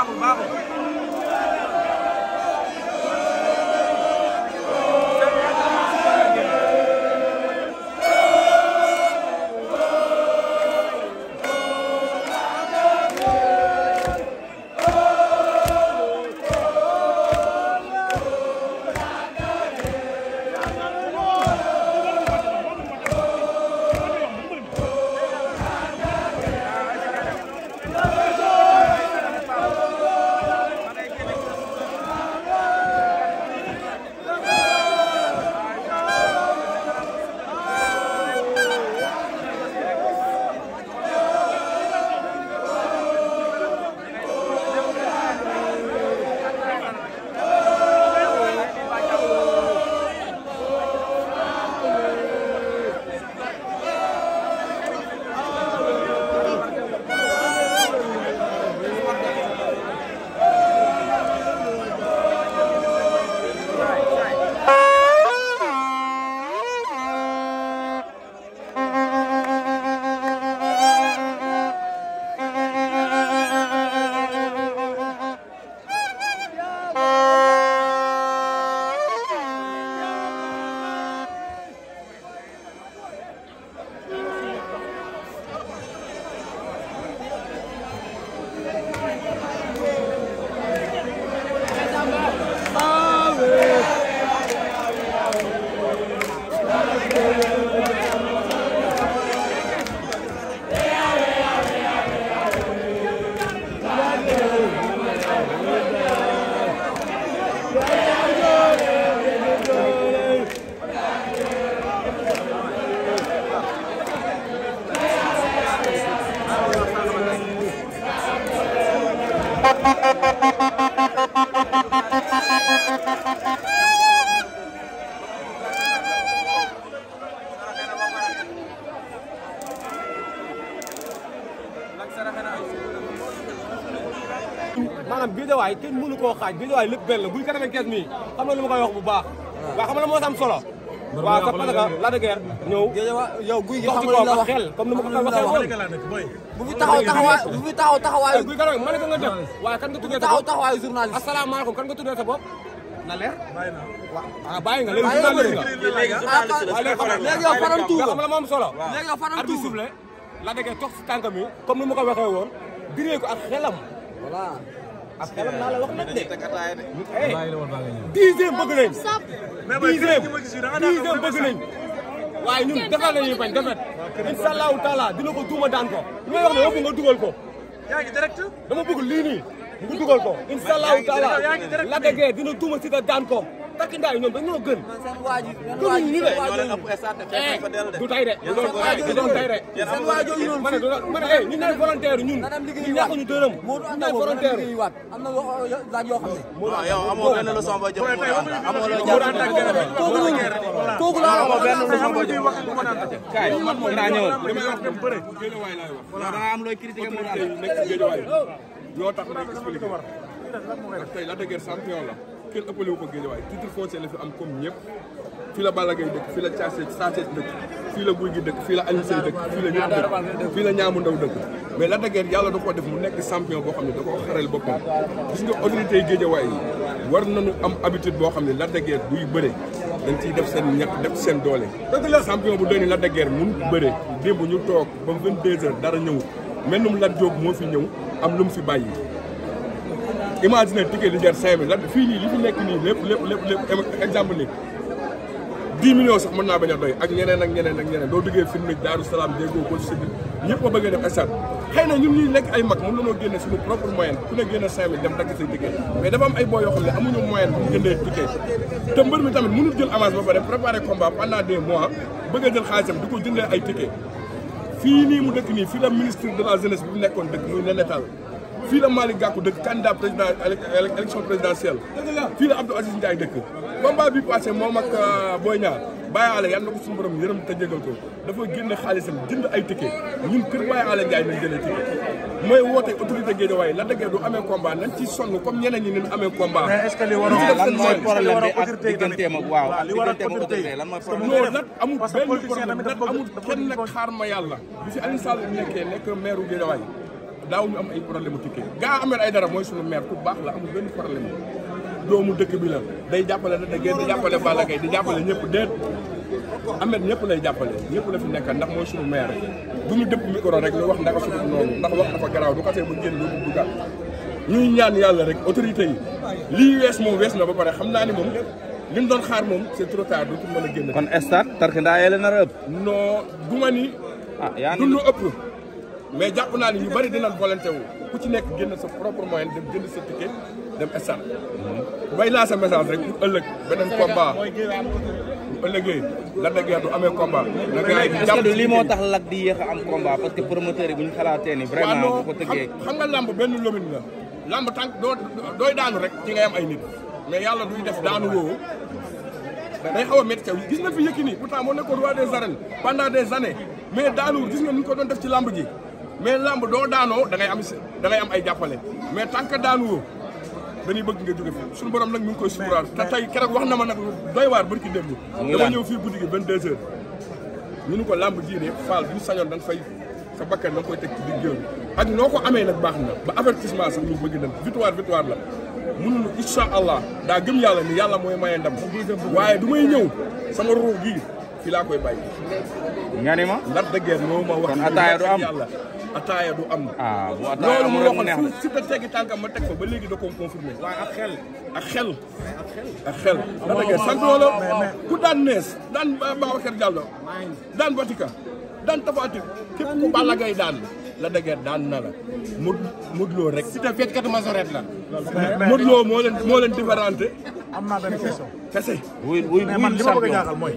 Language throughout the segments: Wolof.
baaxul baaxul maanaam géejawaay kenn mënu koo xaaj géejawaay lépp benn la buñ ko defee kees nii xam na lu ma koy wax bu baax ah. waaw xam na moo sam solo waaw ka parce que la de guerre ñëw fi taxaw taxaw taxawaayu guy garab ma ah. kan nga tuddee taxaw taxawaayu sa bopp na leer waaw ah, bàyyi nga léegi journaliste nga léegi yow faram tuur xam la la de guerre si tànkam yi comme ni ma ko waxee woon biree ko xelam après naa la wax nag de. dixième bëgg nañ. dixième dixième bëgg nañ. waaye ñun defal nañu bañ defet incha taala dina ko tuuma daan ko. li may wax ne nga dugal dama bëgg lii nii. nga dugal ko. incha allahu taala la dëggee dina tuuma si da takk ndaay ñoom dañoo gën. comme ni ñu lay. du tey de. du doon tey de du doon tey de. ma ne du doon ma ne eh ñu ne volontaire ñun. ñu ñàkk ñu dërëm. ñu ne volontaire. am na laaj yoo xam ne. waaw yow amoo benn leçon boo jëm mu daan la amoo loo jàpp ne kooku la amoo benn leçon boo jëm. kaay man mooy naa ñëwal. li may wax dem bëre. daa am looy critiquer mu daal. nekk ci géej waay. yoo tax rek expliqué. tey la dëgër champion la. kenn ëppale wu ko Guédiawaye titre foncier la fi am comme ñëpp fii la Balla Gaye dëkk fii la Thiassé Thiassé dëkk fii la Gouye Gui dëkk fii la Alioune Seye dëkk fii la ñëpp dëkk fii la ñaamu ndaw dëkk mais la dëgër yàlla da koo def mu nekk champion boo xam ne da koo xaral boppam gis nga autorité yi Guédiawaye yi war nañu am habitude boo xam ne la dëgër buy bëre dañ ciy def seen ñàkk def seen doole champion bu doy ni la dëgër mun bëre démb ñu toog ba vingt-deux heures dara ñëwut mel num Lat Diop moo fi ñëw am lu mu fi bàyyi imagine ticket di jar cinq mille lan fii nii li fi nekk nii lépp lépp lépp exemple nii dix millions sax naa bañ a doy ak ñeneen ak ñeneen ak ñeneen doo duggee firnde Daaru Salaam déggoo ko si ñëpp a bëgg a def stade xëy na ñun ñuy nekk ay mag mën nanoo génne suñu propre moyen ku ne génne cinq dem dagg say ticket mais dafa ay boo yoo xam amuñu moyen bu ñu jëndee ticket mbër mi tamit mënul jël avance ba pare préparer combat pendant des mois bëgg nekkoon dëkk fii la Malick Gakou dëkk candidat président élection présidentielle fii la Abdou Aziz Ndiaye dëkk combat bi passé moom ak euh, Boy Niang Baye Alé yàlla na ko suñu borom yërëm te jégal ko dafa génn xaalisam jënd ay ticket ñun kër Baye Alé Ndiaye nañ jëlee ticket mooy woote autorité Guédiawaye la dëggee du amee combat nañ ci sonn comme ñeneen ñi nañ amee combat mais est-ce que mooy problème bi ak digganteem ak waaw li waroon autorité lan kenn nag xaar ma yàlla bi fi Aliou nekkee daaw ñu am ay problème tukkee gaa amee ay dara mooy suñu maire ku baax la amul benn problème doomu dëkk bi la day jàppale da day di jàppale Balla Gaye di jàppale ñëpp déet Amet ñëpp lay jàppale ñëpp la fi nekkal ndax mooy suñu maire du ñu dëpp micro rek lu wax ndaka suñu noonu ndax wax dafa garaaw du xasee ba génn lu duggaat ñuy ñaan yàlla rek autorité yi lii wees moom wees na ba pare xam naa ni moom li mu doon xaar moom c'est trop tard du ko mën a génn kon stade tarki a ah, ëpp non ma ëpp mais jàpp naa ni ñu bëri dinañ volonté wu ku ci nekk génn sa propre moyen dem jënd sa ticket dem stade. bay laa sa message rek pour ëllëg beneen combat bu ëllëgee Lac de Guiers du amee combat. na gars yi lii moo tax Lac di yéex am combat parce que promoteur yi bu ñu xalaatee ni vraiment bu ko xam nga lamb benn lomine la lamb tànk doo dooy daanu rek ci ngay am ay nit mais yàlla duy def daanu woowu day xaw a métti gis na fi Yékini pourtant moo nekkoon roi des arènes pendant des années mais daanu gis nga ni ko doon def ci lamb ji mais lamb doo daanoo da am da ngay am ay jàppale mais tant que daanuwoo dañuy bëgg nga jóge fi suñu borom nag mi ngi koy suturaal te tey wax na ma nag doy waar bari ki démb dama ñëw fii guddi gi vingt deux heures ko lamb jii de faal bu sañoon da fay sa bakkan da nga koy teg ci digg yoon ak noo ko amee nag baax na ba avertissement sax ñu bëgg dem victoire victoire la mënuñu incha allah daa gëm yàlla ni yàlla mooy maye ndam waaye du may ñëw sama ruux gii fi laa koy bàyyi nga ni ma lat de guerre moo ma wax kon ataaya du am yàlla ataaya du am. ah bu ataaya amul rek mu neex loolu mu waxoon si te teggi tànkam ma teg fa ba léegi da koo confirmé. waaye ak xel. ak xel. ak xel. da nga sant loola ku daan nees daan Babacar Diallo daan Batika daan Tafatik képp ku Balla Gaye daan. la dëgër daan na la mu Modou Lo rek. si te fekk katu masoret la. Modou Lo moo leen moo leen différenté. am naa benn question. kese. wuy wuy wuy man li ma bëgg a jaaxal mooy.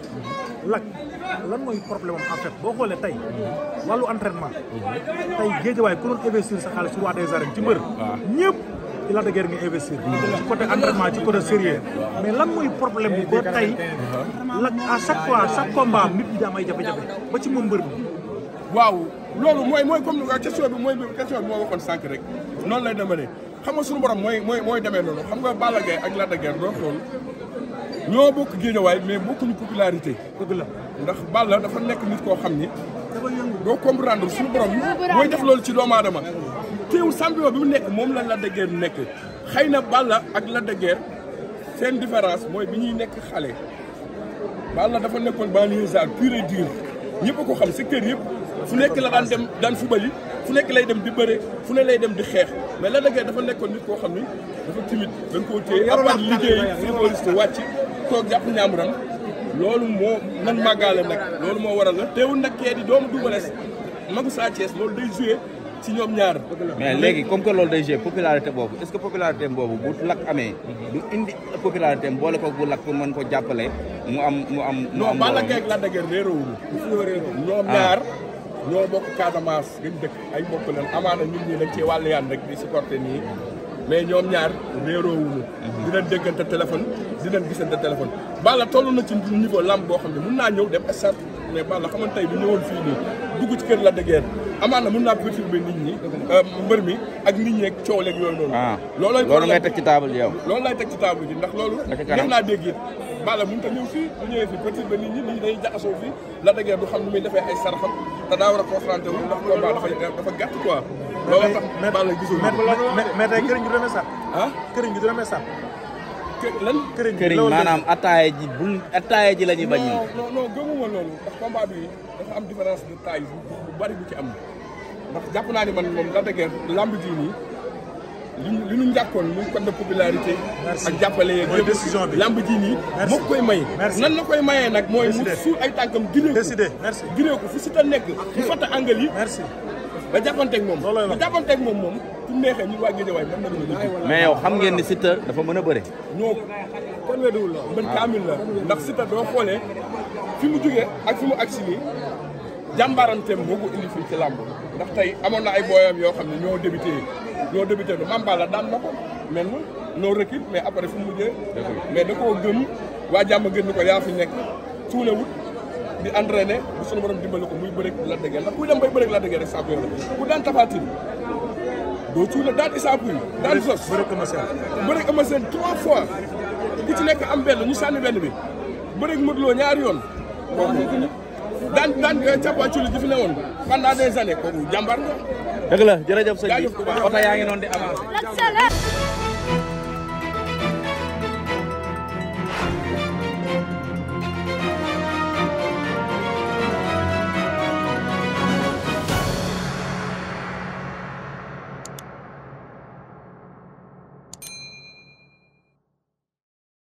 lak lan mooy problème am en boo xoolee tey wàllu entraînement tey géejawaay ku doon investir sa xaalis roi des arènes ci mbër ñëpp ci Lac de Guiers nga investir ci côté entraînement ci côté sérieux mais lan mooy problème bi ba tey à chaque fois chaque combat nit ñi daam ay jafe-jafe ba ci moom mbër bi waaw loolu mooy mooy comme question bi mooy question bi moo waxoon sànq rek noonu lay demee xam nga suñu borom mooy mooy mooy demee noonu xam nga Balla Gaye ak Lac de Guiers doo xool ñoo bokk géejawaay mais bokkuñu popularité dëgg la ndax Balla dafa nekk nit koo xam ni doo comprendre suñu borom mooy def loolu ci doomu aadama teew champion bi mu nekk moom la Lac de Guiers nekk xëy na Balla ak Lac de Guiers seen différence mooy bi ñuy nekk xale Balla dafa nekkoon banlieusard pur et dur ñëpp a ko xam si kër yëpp fu nekk la daan dem daan fubali fu nekk lay dem di bëre fu ne lay dem di xeex mais Lac de Guiers dafa nekkoon nit koo xam ni dafa timide dañ koo téye à part liggéey footballiste wàcc toog jàpp ñaamuram loolu moo man màggaale nag loolu moo waral la teewul nag kee di doomu Double Less magu Sa loolu day joué ci ñoom ñaar. mais léegi comme que loolu day joué popularité boobu est que popularité boobu bu lakk amee. du indi popularité am boole ko bu lakk pour mën ko jàppale mu am mu am. mu am non Balla Gaye ak Lac de Guiers réeroowuñu. ñoom ah. ñaar. ñoo bokk Casamance gañ dëkk ay mbokk lan amaana ñun ñii dañ cee wàll yaan rek di supporter nii. mais ñoom ñaar réeroowuñu dinañ déggante téléphone dinañ gisante téléphone Balla toll na ci ko lamb boo xam ne mun naa ñëw dem a stade mais Balla xamante tey bu ñëwoon fii nii dugg ci kër Lac de Guiers amaana mën euh, ah. loolu ngay teg ci table ji yow loolu lay teg ci table ji ndax loolu def naa dégg it Balla mënu ta ñëw fii bu ñëwee fii perturber nit ñi nit ñi dañuy jaxasoo fii Lac du xam nu muy defee ay saraxam te daa war a confronté wu ndax combat dafa euh, dafa gàtt quoi loolu tax Balla mais tey këriñ gi du sax ah këriñ gi du sax lan këriñ këriñ maanaam ataaya ji bu ataaya ji lañuy ñuy bañ. non non non gëmuma loolu ndax combat bi dafa am différence de taille bu bari bu ci am ndax jàpp naa ni man moom la dëgër lamb ji nii li ñu njàkkoon muy code de popularité. ak jàppale yeeg mooy décision bi lamb ji nii. moo koy may nan la koy mayee nag. mooy mu suul ay tànkam. décidé décidé ko fu si ta nekk. mu fàtte angal yi. ba jàppanteeg moom ba jàppanteeg moom moom su neexee ñu waa Guédiawaye mën na mais yow ne ngeen ni Siteu dafa mën a bëre ñoo kon weddiwul la mën ah. kaamil la ndax Siteu doo xoolee fi mu jógee ak fi mu si nii jàmbaaranteem moo ko indi fii ci làmb ndax tey amoon na ay booyam yoo xam ne ñoo débuté ñoo débuté lu mamba la daan na ko mel na noo recul mais après fu mu mujjee mais da koo gëm waa jàmm gën ni ko yaa nekk nekk tuulewut di entraîné bu sunu borom dimbali ko muy bëreeg Lac de Guiers la kuy dem bay bëreeg Lac de Guiers rek champion la ku daan Tapha Tine doo cuula daan Issa Pouye daan Zoss bëreeg Eumeu Sène bëreeg Eumeu Sène trois fois ku ci nekk am benn ñu sànni benn bi bëreeg Modou Lo ñaari yoon daan daan cappa culi di fi ne woon pendant des années kooku jàmbar nga dëgg la jërëjëf oto yaa ngi noonu di avancé